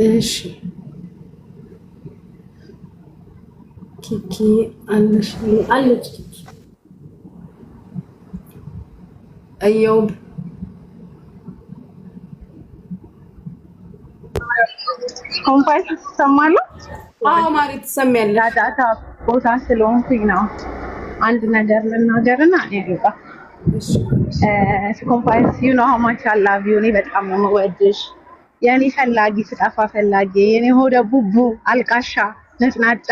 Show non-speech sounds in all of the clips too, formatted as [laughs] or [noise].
peixe que que olha aqui aí eu como faz semana ah marido semana já já tá por cá se longe não and nagar na nagar na é isso como faz you know how much I love you nem vai tomar uma wedge የኔ ፈላጊ ስጠፋ ፈላጊ የኔ ሆደ ቡቡ አልቃሻ ነጭናጫ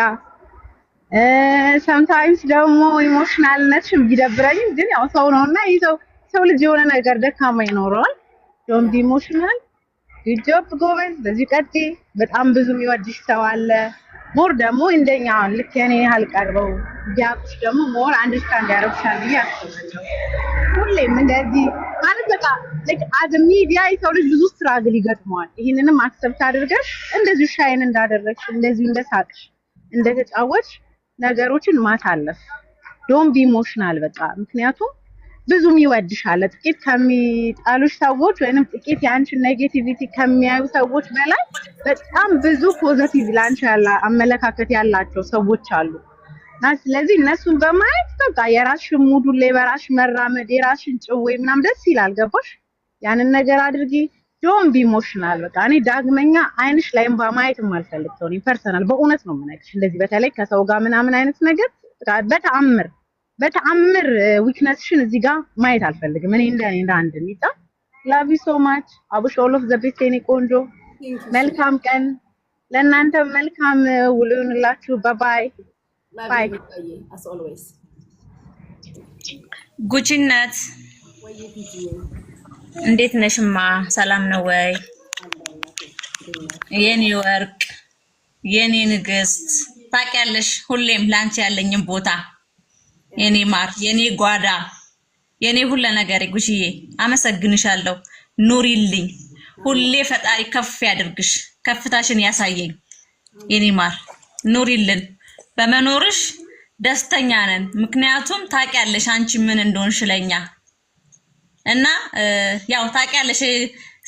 ሰምታይምስ ደግሞ ኢሞሽናልነትሽም ቢደብረኝም ግን ያው ሰው ነው እና ይህ ሰው ልጅ የሆነ ነገር ደካማ ይኖረዋል። ዶንት ቢ ኢሞሽናል። ጉድ ጆብ ጎበዝ፣ በዚህ ቀጥይ። በጣም ብዙ የሚወድሽ ሰው አለ። ሞር ደግሞ እንደኛ ልክ የኔ ያህል ቀርበው ቢያውቁሽ ደግሞ ሞር አንደርስታንድ ያደርጉሻል ብዬ አስባለሁ። ሁሌም እንደዚህ ማለት በቃ ልክ አዘ ሚዲያ የሰው ልጅ ብዙ ስትራግል ይገጥመዋል። ይህንንም አክሰብት አድርገሽ እንደዚሁ ሻይን እንዳደረግሽ እንደዚሁ እንደሳቅሽ እንደተጫወትሽ ነገሮችን ማሳለፍ ዶን ቢ ኢሞሽናል በቃ ምክንያቱም ብዙም ይወድሻል። ጥቂት ከሚጣሉሽ ሰዎች ወይንም ጥቂት የአንቺን ኔጌቲቪቲ ከሚያዩ ሰዎች በላይ በጣም ብዙ ፖዘቲቭ ላንቺ አመለካከት ያላቸው ሰዎች አሉ። እና ስለዚህ እነሱን በማየት በቃ የራስሽን ሙዱ ላይ በራስሽ መራመድ የራስሽን ጭዌ ምናምን ደስ ይላል። ገባሽ? ያንን ነገር አድርጊ። ዶንት ቢ ኢሞሽናል። በቃ እኔ ዳግመኛ አይንሽ ላይም በማየት የማልፈልግ ሰው ነኝ። ፐርሰናል በእውነት ነው የምነግርሽ። እንደዚህ በተለይ ከሰው ጋር ምናምን አይነት ነገር በተአምር በተአምር ዊክነስሽን እዚህ ጋር ማየት አልፈልግም። እኔ እንደ እኔ እንደ አንድ ሚጣ ላቪ ሶ ማች አቡሽ ኦል ኦፍ ዘ ቤስት የኔ ቆንጆ፣ መልካም ቀን ለእናንተ መልካም ውሎ ይሁንላችሁ። ባባይ ጉቺነት እንዴት ነሽማ? ሰላም ነው ወይ? የኔ ወርቅ የኔ ንግስት ታውቂያለሽ፣ ሁሌም ላንቺ ያለኝም ቦታ የኔ ማር፣ የኔ ጓዳ፣ የኔ ሁለ ነገር ጉሽዬ፣ አመሰግንሻለሁ። ኑሪልኝ ሁሌ ፈጣሪ ከፍ ያድርግሽ፣ ከፍታሽን ያሳየኝ የኔ ማር፣ ኑሪልን በመኖርሽ ደስተኛ ነን። ምክንያቱም ታውቂያለሽ አንቺ ምን እንደሆንሽ ለኛ እና ያው ታውቂያለሽ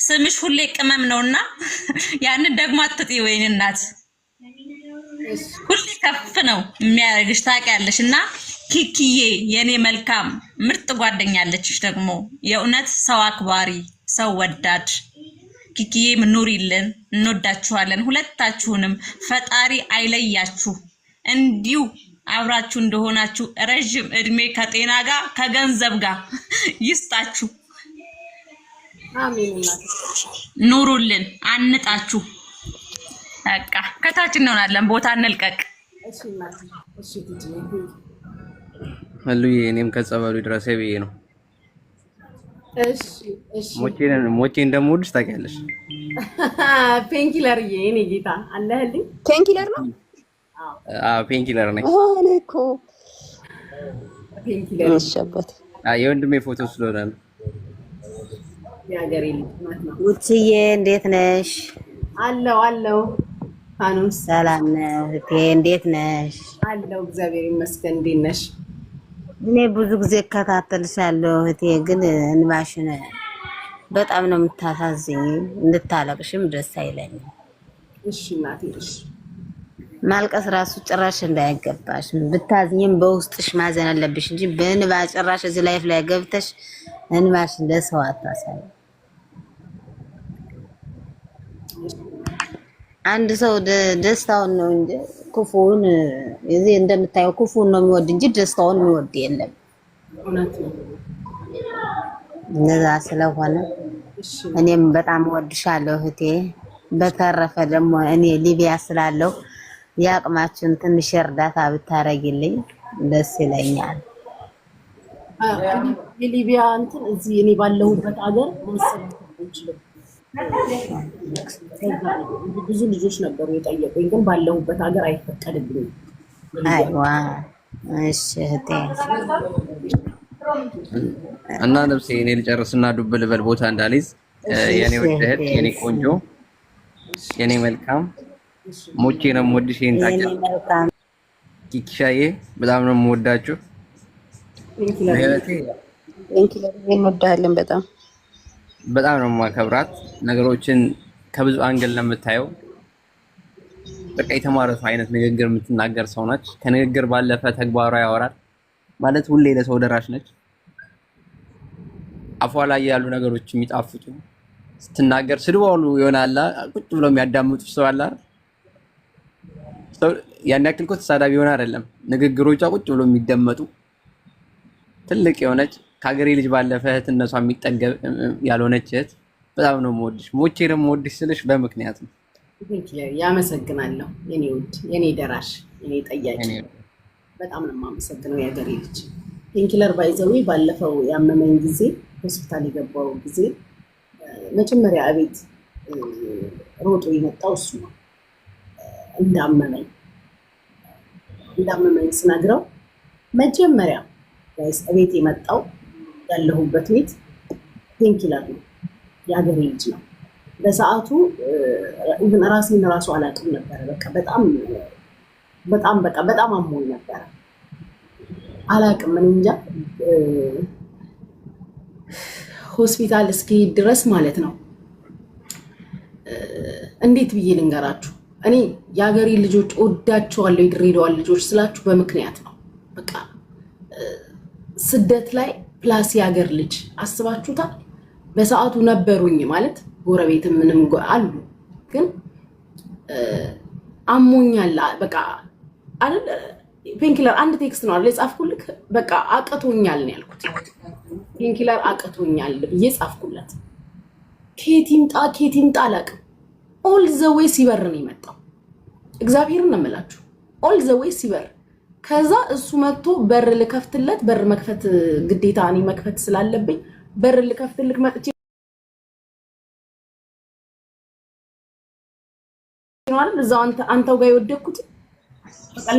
ስምሽ ሁሌ ቅመም ነውና [laughs] ያንን ደግሞ አትጥይ ወይን እናት ሁሌ ከፍ ነው የሚያደርግሽ ታውቂያለሽ። እና ኪኪዬ የኔ መልካም ምርጥ ጓደኛለችሽ ደግሞ የእውነት ሰው አክባሪ፣ ሰው ወዳድ ኪኪዬ ምኑሪልን። እንወዳችኋለን ሁለታችሁንም። ፈጣሪ አይለያችሁ። እንዲሁ አብራችሁ እንደሆናችሁ ረዥም እድሜ ከጤና ጋር ከገንዘብ ጋር ይስጣችሁ። ኑሩልን፣ አንጣችሁ። በቃ ከታች እንሆናለን፣ ቦታ እንልቀቅ። አሉዬ እኔም ከጸበሉ ድረስ ብዬ ነው። ሞቼን ደግሞ ውድስ ታውቂያለሽ። [laughs] ፔንኪለርዬ፣ እኔ ጌታ አለህልኝ ፔንኪለር ነው ፔን እኮ የወንድሜ ፎቶ ስለሆነ ነው። ውትዬ እንዴት ነሽ? አለው አለው ሰላም ነው። እንዴት ነሽ? አለው እግዚአብሔር ይመስገን። እንዴት ነሽ? እኔ ብዙ ጊዜ እከታተልሻለሁ እህቴ፣ ግን እንባሽን በጣም ነው የምታሳዝኝ። እንድታለቅሽም ደስ አይለኝም። እሺ እናቴ እሺ ማልቀስ ራሱ ጭራሽ እንዳያገባሽ ብታዝኝም በውስጥሽ ማዘን አለብሽ እንጂ በእንባ ጭራሽ እዚህ ላይፍ ላይ ገብተሽ እንባሽ ለሰው አታሳይ። አንድ ሰው ደስታውን ነው እንጂ ክፉውን እዚህ እንደምታየው ክፉውን ነው የሚወድ እንጂ ደስታውን የሚወድ የለም። እነዛ ስለሆነ እኔም በጣም ወድሻለሁ እህቴ። በተረፈ ደግሞ እኔ ሊቢያ ስላለው። የአቅማችን ትንሽ እርዳታ ብታረጊልኝ ደስ ይለኛል። የሊቢያ እንትን እዚህ እኔ ባለሁበት ሀገር መሰራት ብዙ ልጆች ነበሩ የጠየቁኝ፣ ግን ባለሁበት ሀገር አይፈቀድልኝ። አይዋ እሺ እህቴ እና ልብሴ እኔ ልጨርስና ዱብ ልበል ቦታ እንዳልይዝ የኔ ውድ እህት የኔ ቆንጆ የኔ መልካም ሙቼ ነው የምወድሽ። ይሄን ታውቂያለሽ ኪኪሻዬ፣ በጣም ነው የምወዳችሁ። እንወዳለን። በጣም በጣም ነው የማከብራት። ነገሮችን ከብዙ አንግል ነው የምታየው። በቃ የተማረ ሰው አይነት ንግግር የምትናገር ሰው ነች። ከንግግር ባለፈ ተግባሯ ያወራል ማለት ሁሌ ለሰው ደራሽ ነች። አፏ ላይ ያሉ ነገሮች የሚጣፍጡ ስትናገር ስድብ ሁሉ ቁጭ ብለው የሚያዳምጡ ሰው አላል ያን ያክል እኮ ተሳዳቢ የሆነ አይደለም። ንግግሮቿ ቁጭ ብሎ የሚደመጡ ትልቅ የሆነች ከሀገሬ ልጅ ባለፈ እህት እነሷ የሚጠገብ ያልሆነች እህት በጣም ነው የምወድሽ። ሞቼ ደግሞ ወድሽ ስልሽ በምክንያት ነው። ያመሰግናለሁ የኔ ውድ፣ የኔ ደራሽ፣ የኔ ጠያቂ በጣም ነው የማመሰግነው የሀገሬ ልጅ። ፔንኪለር ባይዘዊ ባለፈው ያመመኝ ጊዜ ሆስፒታል የገባው ጊዜ መጀመሪያ አቤት ሮጦ የመጣው እሱ ነው እንዳመመኝ እንዳመመኝ ስነግረው መጀመሪያ ቤት የመጣው ያለሁበት ቤት ፔንኪለር ነው፣ የሀገሬ ልጅ ነው። በሰዓቱ ራሴን ራሱ አላውቅም ነበረ። በቃ በጣም በጣም በቃ በጣም አሞኝ ነበረ። አላውቅም ምን እንጃ ሆስፒታል እስኪሄድ ድረስ ማለት ነው። እንዴት ብዬ ልንገራችሁ እኔ የሀገሬ ልጆች ወዳቸዋለሁ። የድሬዳዋ ልጆች ስላችሁ በምክንያት ነው። በቃ ስደት ላይ ፕላስ የሀገር ልጅ አስባችሁታል። በሰዓቱ ነበሩኝ ማለት ጎረቤት ምንም አሉ፣ ግን አሞኛል በቃ ፔንኪለር አንድ ቴክስት ነው አለ የጻፍኩልክ። በቃ አቅቶኛል ነው ያልኩት። ፔንኪለር አቅቶኛል ብዬ ጻፍኩለት። ኬት ይምጣ ኬት ይምጣ አላቅም ኦል ዘዌ ሲበር ነው የመጣው። እግዚአብሔርን ነው ኦል ዘዌ ሲበር ከዛ እሱ መጥቶ በር ልከፍትለት፣ በር መክፈት ግዴታ እኔ መክፈት ስላለብኝ በር ልከፍትልክ መጥቼ ይሆናል እዛው አንተው ጋር የወደኩት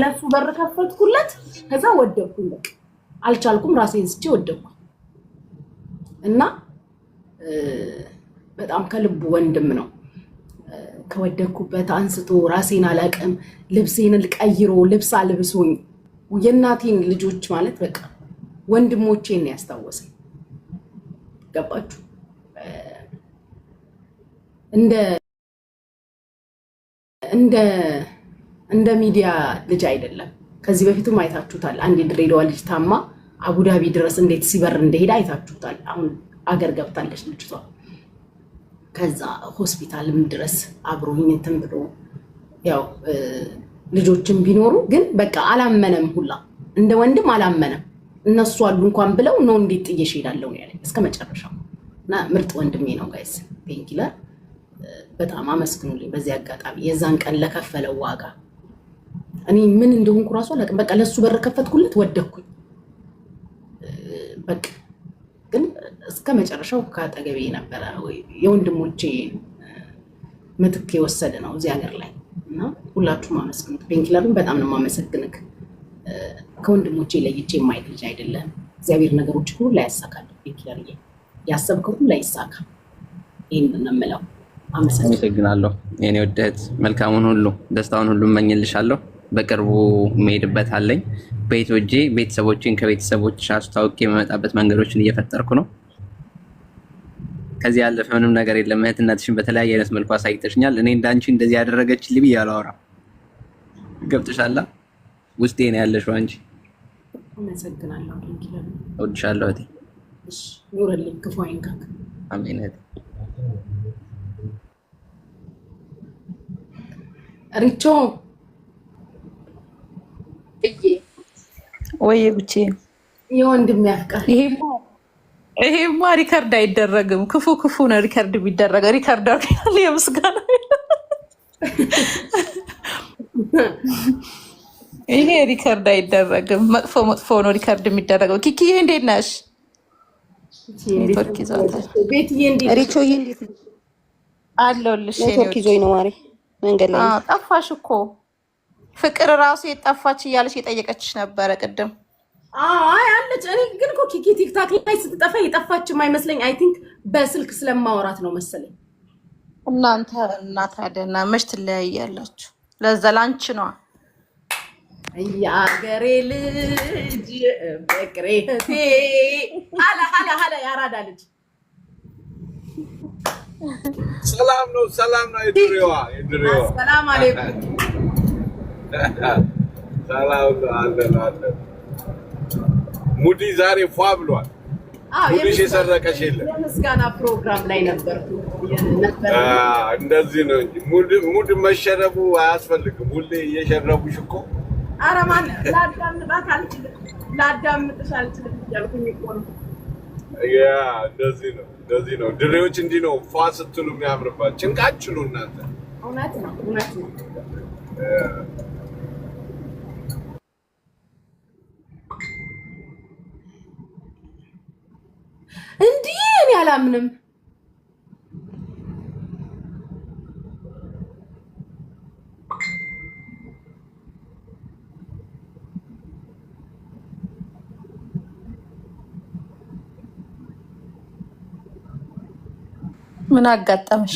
ለሱ በር ከፈትኩለት። ከዛ ወደኩኝ፣ በቃ አልቻልኩም፣ ራሴን ስቼ እና በጣም ከልቡ ወንድም ነው። ከወደኩበት አንስቶ ራሴን አላቅም። ልብሴን ቀይሮ ልብስ አልብሶኝ የእናቴን ልጆች ማለት በቃ ወንድሞቼን ያስታወሰ ገባችሁ? እንደ እንደ እንደ ሚዲያ ልጅ አይደለም። ከዚህ በፊትም አይታችሁታል። አንድ የድሬዳዋ ልጅ ታማ አቡዳቢ ድረስ እንዴት ሲበር እንደሄደ አይታችሁታል። አሁን አገር ገብታለች ልጅቷ። ከዛ ሆስፒታልም ድረስ አብሮኝ እንትን ብሎ ያው ልጆችም ቢኖሩ ግን በቃ አላመነም፣ ሁላ እንደ ወንድም አላመነም። እነሱ አሉ እንኳን ብለው ነው እንዴት ጥዬሽ እሄዳለሁ ያለ እስከ መጨረሻው። እና ምርጥ ወንድሜ ነው ጋይስ፣ ፔንኪለር በጣም አመስግኑልኝ በዚህ አጋጣሚ የዛን ቀን ለከፈለው ዋጋ እኔ ምን እንደሆንኩ ራሱ በቃ ለእሱ በር ከፈትኩለት፣ ወደኩኝ በቃ እስከ መጨረሻው ከአጠገቤ ነበረ። የወንድሞቼ ምትክ የወሰደ ነው እዚህ ሀገር ላይ እና ሁላችሁም አመስግኑት። ቤንኪለርን በጣም ነው የማመሰግንክ። ከወንድሞቼ ለይቼ የማየት ልጅ አይደለም። እግዚአብሔር ነገሮች ሁሉ ላይ ያሳካል። ቤንኪለር ያሰብከ ሁሉ ላይ ይሳካ። ይህን የምለው አመሰግናለሁ። የኔ ውደት መልካሙን ሁሉ ደስታውን ሁሉ እመኝልሻለሁ። በቅርቡ መሄድበት አለኝ። ቤት ወጄ ቤተሰቦችን ከቤተሰቦች አስታውቄ የመመጣበት መንገዶችን እየፈጠርኩ ነው። ከዚህ ያለፈ ምንም ነገር የለም። እህትነትሽን በተለያየ አይነት መልኩ አሳይተሽኛል። እኔ እንዳንቺ እንደዚህ ያደረገች ልብ ያላወራ ገብተሻላ። ውስጤ ነው ያለሽ አንቺ። እወድሻለሁ እህቴ። ኑረልኝ፣ ክፉ አይንካክ። አሜን እህቴ። ሪቾ ወይ ብቻዬን የወንድሜ ያፍቃል ይሄ ይሄማ ሪከርድ አይደረግም። ክፉ ክፉ ነው ሪከርድ የሚደረገ ሪከርድ ያለ የምስጋና ይሄ ሪከርድ አይደረግም። መጥፎ መጥፎ ነው ሪከርድ የሚደረገው። ኪኪዬ እንዴት ነሽ? ኔትወርክ ይዟታል። ሪቾዬ እንዴት ነሽ? አለሁልሽ። ኔትወርክ ይዞኝ ነው ማሪ። መንገድ ላይ ጠፋሽ እኮ ፍቅር ራሱ የጠፋች እያለች የጠየቀችሽ ነበረ ቅድም አይ አለች። እኔ ግን እኮ ኪኪ ቲክታክ ላይ ስትጠፋ የጠፋችም አይመስለኝ። አይ ቲንክ በስልክ ስለማወራት ነው መሰለኝ። እናንተ እና ታዲያ እና መች ትለያያላችሁ? ለዛ ላንቺ ነዋ። የአገሬ ልጅ ፍቅሬ እህቴ አለ አለ አለ ያራዳ ልጅ ሰላም ነው፣ ሰላም ነው። የድሬዋ የድሬዋ ሰላም አለይኩም። ሰላም አለን አለን ሙዲ ዛሬ ፏ ብሏል። ሙዲሽ የሰረቀሽ የለም። የምስጋና ፕሮግራም ላይ ነበርኩ። እንደዚህ ነው እንጂ ሙድ መሸረቡ አያስፈልግም። ሁሌ እየሸረቡሽ እኮ ኧረ ማን ላዳምጣት አልችልም፣ ላዳምጥሽ አልችልም እያልኩኝ እኮ ነው። ያ እንደዚህ ነው፣ እንደዚህ ነው። ድሬዎች እንዲህ ነው ፏ ስትሉ የሚያምርባት ጭንቃችሁ ነው እናንተ። እውነት ነው፣ እውነት ነው። አላምንም። ምን አጋጠመሽ?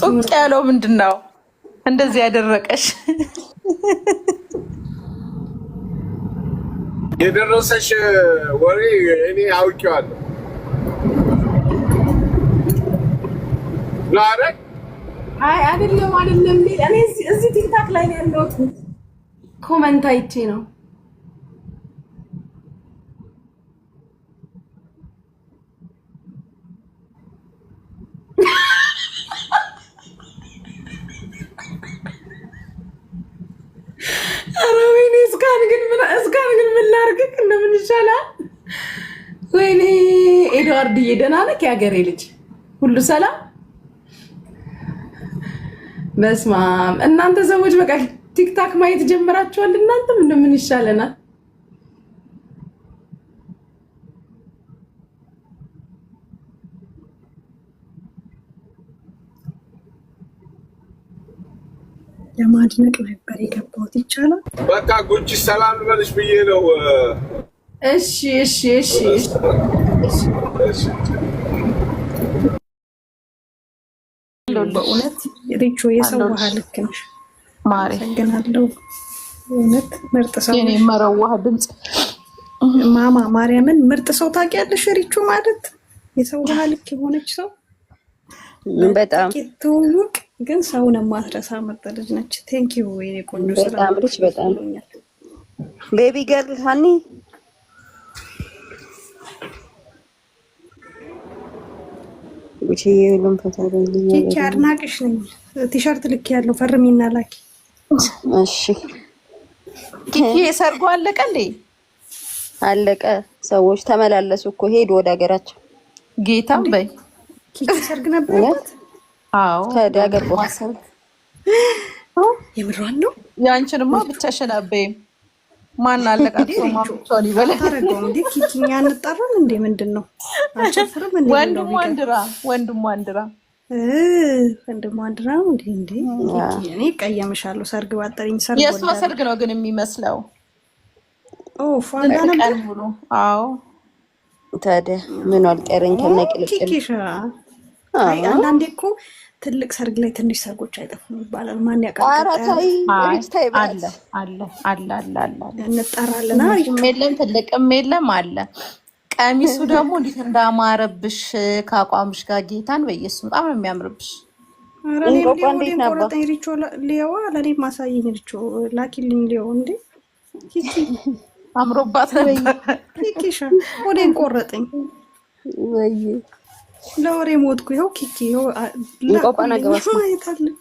ጡቅ ያለው ምንድን ነው እንደዚህ ያደረቀሽ? የደረሰሽ ወሬ እኔ አውቄዋለሁ። ላረግ አይ አይደለም አይደለም፣ እኔ እዚህ ቲክታክ ላይ ነው ያለሁት፣ ኮመንት አይቼ ነው ደህና ወይኔ ኤድዋርድዬ፣ ደህና ነህ? የሀገሬ ልጅ ሁሉ ሰላም? በስመ አብ። እናንተ ሰዎች በቃ ቲክታክ ማየት ጀምራችኋል። እናንተ ምን ምን ይሻለናል? ለማድነቅ ነበር የገባሁት። ይቻላል በቃ ጉቺ ሰላም ልበልሽ ብዬ ነው። እሺ እሺ እሺ በእውነት ሪቾ የሰው ውሃ ልክ ነሽ። አመሰግናለሁ። እውነት ምርጥ ሰው መረዋህ ድምፅ ማማ ማርያምን ምርጥ ሰው ታውቂያለሽ። ሪቾ ማለት የሰው ውሃ ልክ የሆነች ሰው በጣም ትውውቅ ግን ሰውን የማትረሳ ምርጥ ልጅ ነች። ቴንኪዩ የኔ ቆንጆ ስራ በጣም ቤቢ ገርል ሀኒ ቺቺ አድናቅሽ ነኝ። ቲሸርት ልክ ያለው ፈርሚና ላኪ። እሺ ቺቺ የሰርጉ አለቀ እንዴ? አለቀ። ሰዎች ተመላለሱ እኮ ሄዱ ወደ ሀገራቸው። ጌታ በይ ቺቺ ሰርግ ነበርበት። አዎ ታዲያ ገባ። የምሯን ነው ያንቺንማ ብቻሽን አበይም ማን አለቃቅሶ ማብቻውን ይበላልረገው እንዴ? እንጠራም እንዴ? ምንድን ነው አጨፍርም ወንድሟ አንድራ ወንድሟ አንድራ ወንድሟ አንድራ እንዴ? እንዴ እኔ ቀየምሻለሁ። ሰርግ ባጠሪኝ ሰርግ የእሷ ሰርግ ነው ግን የሚመስለው ቀን ብሎ አዎ። ታዲያ ምን አልቀረኝ ከነቅልቅል አንዳንዴ እኮ ትልቅ ሰርግ ላይ ትንሽ ሰርጎች አይጠፉም ይባላል። ማን ያውቃል? አለ የለም ትልቅም የለም አለ። ቀሚሱ ደግሞ እንዴት እንዳማረብሽ ከአቋምሽ ጋር ጌታን በየሱ በጣም ነው የሚያምርብሽ። ሊዋ ለኔ ማሳየኝ ልቾ ላኪልኝ ሊዮ እንዴ አምሮባት ነበር። ወደ ቆረጠኝ ለወሬ ሞትኩ። ይኸው ኪኪ እንቆቋን አገባሽ [laughs] ማየት አለብኝ።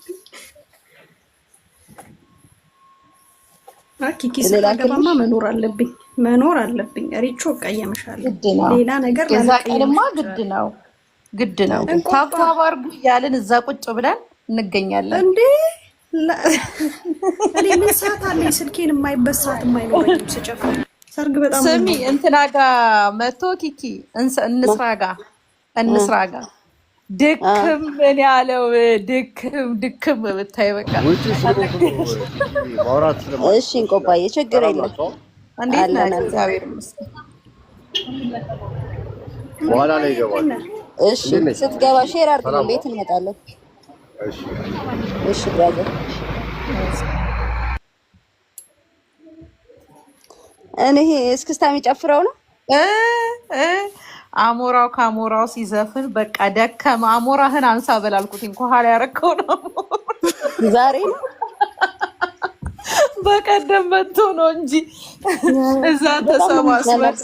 ኪኪ ስላገባማ መኖር አለብኝ መኖር አለብኝ። ሪቾ እቀየምሻለሁ። ሌላ ነገር ለማ ግድ ነው ግድ ነው። ታብታብ አድርጉ እያልን እዛ ቁጭ ብለን እንገኛለን እንዴ [laughs] እኔ ምን ሰዓት አለ ስልኬን የማይበት ሰዓት የማይኖረኝም ስጨፍር ሰርግ በጣም ስሚ እንትና ጋ መቶ ኪኪ እንስራ ጋ እንስራ ጋር ድክም ምን ያለው ድክም ድክም ብታይ በቃ እሺ፣ እንቆባዬ ችግር የለም። እንዴት ነህ? እግዚአብሔር ይመስገን። በኋላ ላይ ይገባል። እሺ፣ ስትገባ ሼር አድርግ፣ ቤት እንመጣለን። እሺ፣ ብራዘር እኔ እስክስታ የሚጨፍረው ነው አሞራው ከአሞራው ሲዘፍን በቃ ደከመ። አሞራህን አንሳ በላልኩትኝ ከኋላ ያረከው ነው። ዛሬ በቀደም መጥቶ ነው እንጂ እዛ ተሰባስበት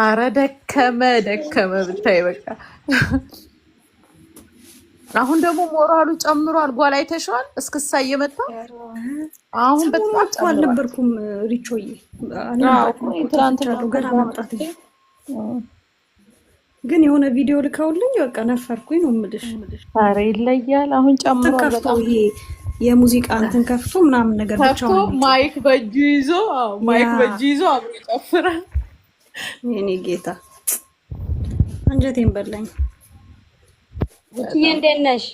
አረ ደከመ ደከመ ብታይ በቃ። አሁን ደግሞ ሞራሉ ጨምሯል። ጓል አይተሽዋል? እስክሳ እየመጣ አሁን በጣም አልነበርኩም ሪቾዬ ትናንት ገና ማምጣት ግን የሆነ ቪዲዮ ልከውልኝ በቃ ነፈርኩኝ ነው የምልሽ። ኧረ ይለያል። አሁን ጨምሮ ይሄ የሙዚቃ እንትን ከፍቶ ምናምን ነገር ብቻ ማይክ በእጁ ይዞ ማይክ በእጁ ይዞ አብሮ ይጨፍራል። የኔ ጌታ አንጀቴን በላኝ። ቡትዬ እንዴት ነሽ?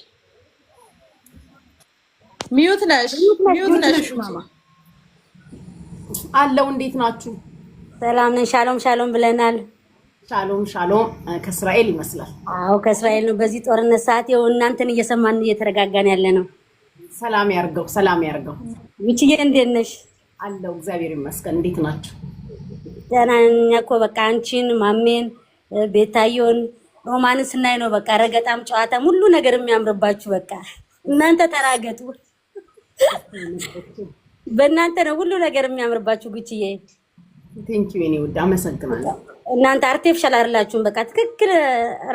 ሚዩት ነሽ? ሚዩት ነሽ? አለው እንዴት ናችሁ? ሰላም ነን። ሻሎም ሻሎም ብለናል። ሻሎም ሻሎም ከእስራኤል ይመስላል። አዎ ከእስራኤል ነው። በዚህ ጦርነት ሰዓት ይኸው እናንተን እየሰማን እየተረጋጋን ያለ ነው። ሰላም ያርገው፣ ሰላም ያርገው። ውችዬ እንዴት ነሽ? አለው እግዚአብሔር ይመስገን። እንዴት ናቸው? ደህና ነኝ እኮ በቃ አንቺን ማሜን ቤታየውን ሮማንን ስናይ ነው በቃ ረገጣም ጨዋታም ሁሉ ነገር የሚያምርባችሁ። በቃ እናንተ ተራገጡ፣ በእናንተ ነው ሁሉ ነገር የሚያምርባችሁ። ጉችዬ ቴንኪው የኔ ውድ አመሰግናለሁ። እናንተ አርቴፊሻል አይደላችሁም። በቃ ትክክል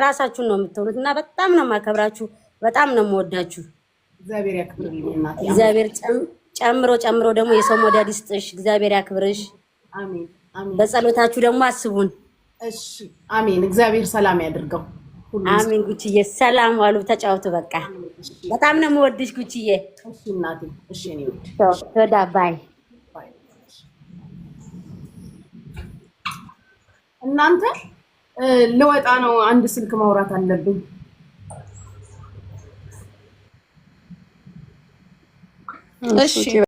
ራሳችሁን ነው የምትሆኑት እና በጣም ነው የማከብራችሁ፣ በጣም ነው የምወዳችሁ። እግዚአብሔር ጨምሮ ጨምሮ ደግሞ የሰው ሞዳ ይስጥሽ፣ እግዚአብሔር ያክብርሽ። በጸሎታችሁ ደግሞ አስቡን። አሜን። እግዚአብሔር ሰላም ያድርገው። አሜን። ጉችዬ ሰላም ዋሉ። ተጫውቱ በቃ በጣም ነው የምወድሽ ጉችዬ። እሺ እናቴ። እሺ እኔ ተወዳ ባይ እናንተ ልወጣ ነው። አንድ ስልክ ማውራት አለብኝ። እሺ